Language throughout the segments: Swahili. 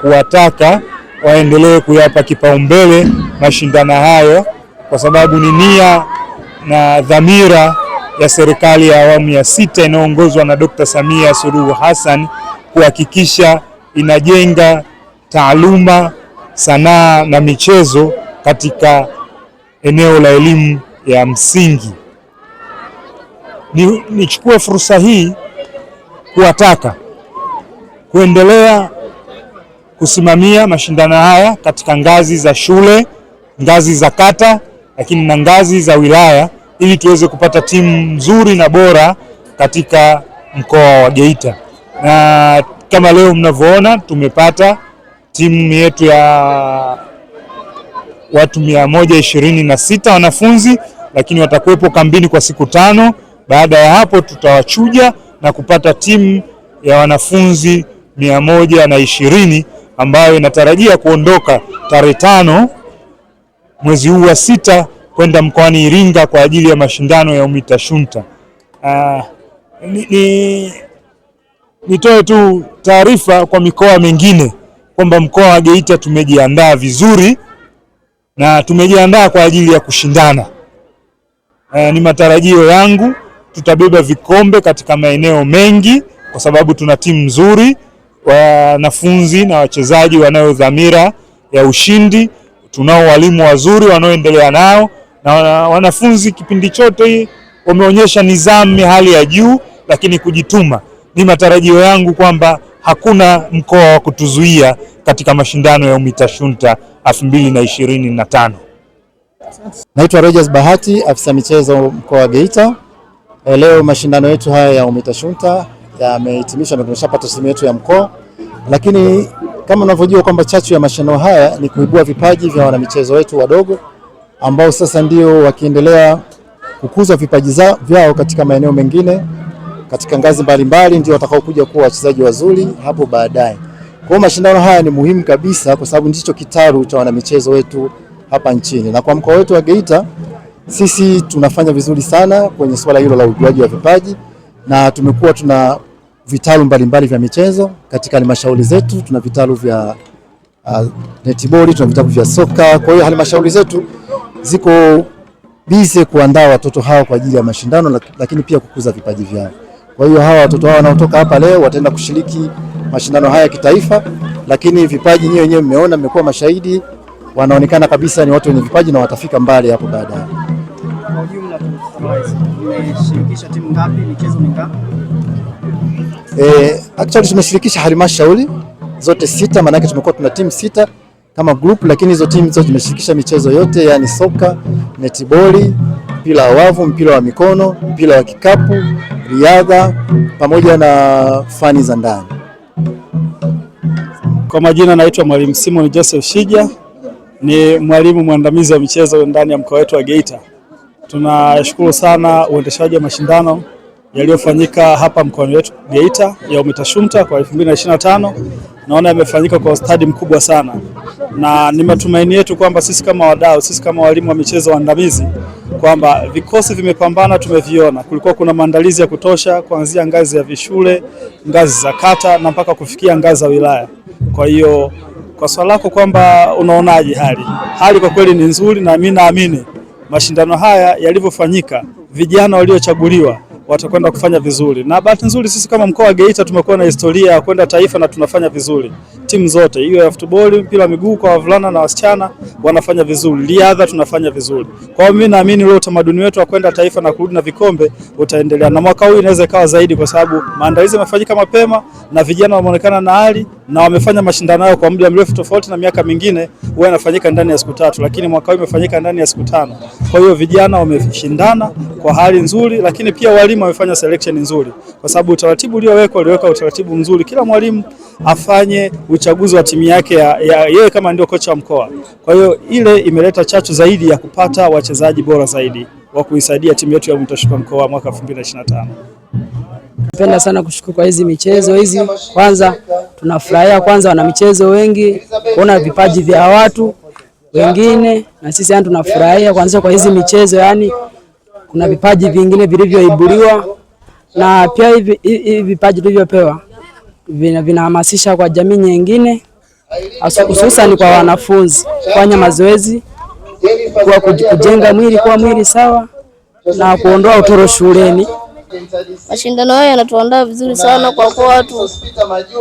kuwataka waendelee kuyapa kipaumbele mashindano hayo kwa sababu ni nia na dhamira ya serikali ya awamu ya sita inayoongozwa na Dr. Samia Suluhu Hassan kuhakikisha inajenga taaluma, sanaa na michezo katika eneo la elimu ya msingi. Nichukue fursa hii kuwataka kuendelea kusimamia mashindano haya katika ngazi za shule, ngazi za kata, lakini na ngazi za wilaya ili tuweze kupata timu nzuri na bora katika mkoa wa Geita. Na kama leo mnavyoona tumepata timu yetu ya watu mia moja ishirini na sita wanafunzi, lakini watakuwepo kambini kwa siku tano. Baada ya hapo tutawachuja na kupata timu ya wanafunzi mia moja na ishirini ambayo inatarajia kuondoka tarehe tano mwezi huu wa sita kwenda mkoani Iringa kwa ajili ya mashindano ya UMITA SHUNTA. Uh, ni, ni, nitoe tu taarifa kwa mikoa mingine kwamba mkoa wa Geita tumejiandaa vizuri na tumejiandaa kwa ajili ya kushindana. Aa, eh, ni matarajio yangu tutabeba vikombe katika maeneo mengi kwa sababu tuna timu nzuri wanafunzi na wachezaji wanayo dhamira ya ushindi. Tunao walimu wazuri wanaoendelea nao na wanafunzi kipindi chote wameonyesha nidhamu ya hali ya juu, lakini kujituma. Ni matarajio yangu kwamba hakuna mkoa wa kutuzuia katika mashindano ya UMITASHUNTA 2025. Naitwa Rogers Bahati, afisa michezo mkoa wa Geita. Eh, leo mashindano yetu haya ya UMITASHUNTA yamehitimisha na tumeshapata simu yetu ya mkoa, lakini kama unavyojua kwamba chachu ya mashindano haya ni kuibua vipaji vya wanamichezo wetu wadogo ambao sasa ndio wakiendelea kukuza vipaji vyao katika maeneo mengine katika ngazi mbalimbali, ndio watakaokuja kuwa wachezaji wazuri hapo baadaye. Kwa mashindano haya ni muhimu kabisa, kwa sababu ndicho kitaru cha wanamichezo wetu hapa nchini, na kwa mkoa wetu wa Geita sisi tunafanya vizuri sana kwenye swala hilo la ujuaji wa vipaji na tumekuwa tuna vitalu mbalimbali vya michezo katika halmashauri zetu. Tuna vitalu vya uh, netiboli, tuna vitalu vya soka. Kwa hiyo halmashauri zetu ziko bize kuandaa watoto hawa kwa ajili ya mashindano, lakini pia kukuza vipaji vyao. Kwa hiyo hawa watoto hawa wanaotoka hapa leo wataenda kushiriki mashindano haya kitaifa, lakini vipaji nyewe wenyewe mmeona, mmekuwa mashahidi, wanaonekana kabisa ni watu wenye vipaji na watafika mbali hapo baadaye. Eh, actually tumeshirikisha halmashauri zote sita, maanake tumekuwa tuna timu sita kama group, lakini hizo timu zote zimeshirikisha michezo yote, yani soka, netiboli, mpira wa wavu, mpira wa mikono, mpira wa kikapu, riadha pamoja na fani za ndani. Kwa majina naitwa Mwalimu Simon Joseph Shija, ni mwalimu mwandamizi wa michezo ndani ya mkoa wetu wa Geita. Tunashukuru sana uendeshaji wa mashindano yaliyofanyika hapa mkoani wetu Geita ya UMITASHUMTA kwa 2025 naona yamefanyika kwa ustadi mkubwa sana, na ni matumaini yetu kwamba sisi kama wadau, sisi kama walimu wa michezo waandamizi, kwamba vikosi vimepambana, tumeviona. Kulikuwa kuna maandalizi ya kutosha kuanzia ngazi ya vishule, ngazi za kata na mpaka kufikia ngazi za wilaya. Kwa hiyo kwa swala lako kwamba unaonaje hali, hali kwa kweli ni nzuri, na mimi naamini mashindano haya yalivyofanyika, vijana waliochaguliwa watakwenda kufanya vizuri, na bahati nzuri sisi kama mkoa wa Geita tumekuwa na historia ya kwenda taifa na tunafanya vizuri. Timu zote hiyo ya football, mpira wa miguu kwa wavulana na wasichana wanafanya vizuri, riadha tunafanya vizuri. Kwa hiyo mimi naamini leo utamaduni wetu wa kwenda taifa na kurudi na vikombe utaendelea, na mwaka huu inaweza ikawa zaidi, kwa sababu maandalizi yamefanyika mapema na vijana wameonekana na hali na wamefanya mashindano yao kwa muda mrefu, tofauti na miaka mingine huwa yanafanyika ndani ya siku tatu, lakini mwaka huu imefanyika ndani ya siku tano. Kwa hiyo vijana wameshindana kwa hali nzuri, lakini pia walimu wamefanya selection nzuri, kwa sababu utaratibu uliowekwa uliweka utaratibu mzuri, kila mwalimu afanye uchaguzi wa timu yake ya, ya, yeye kama ndio kocha wa mkoa. Kwa hiyo ile imeleta chachu zaidi ya kupata wachezaji bora zaidi wa kuisaidia timu yetu ya Mtoshuka mkoa mwaka 2025 tunapenda sana kushukuru kwa hizi michezo hizi. Kwanza tunafurahia kwanza wana michezo wengi kuona vipaji vya watu wengine, na sisi yani tunafurahia kwanza kwa hizi michezo, yani kuna vipaji vingine vilivyoibuliwa, na pia hivi, hivi vipaji vilivyopewa vinahamasisha kwa jamii nyingine, hususan kwa wanafunzi kufanya mazoezi, kwa kujenga mwili kuwa mwili sawa na kuondoa utoro shuleni. Mashindano haya yanatuandaa vizuri sana kwa kuwa watu,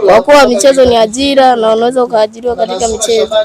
kwa kuwa michezo ni ajira na unaweza ukaajiriwa katika michezo.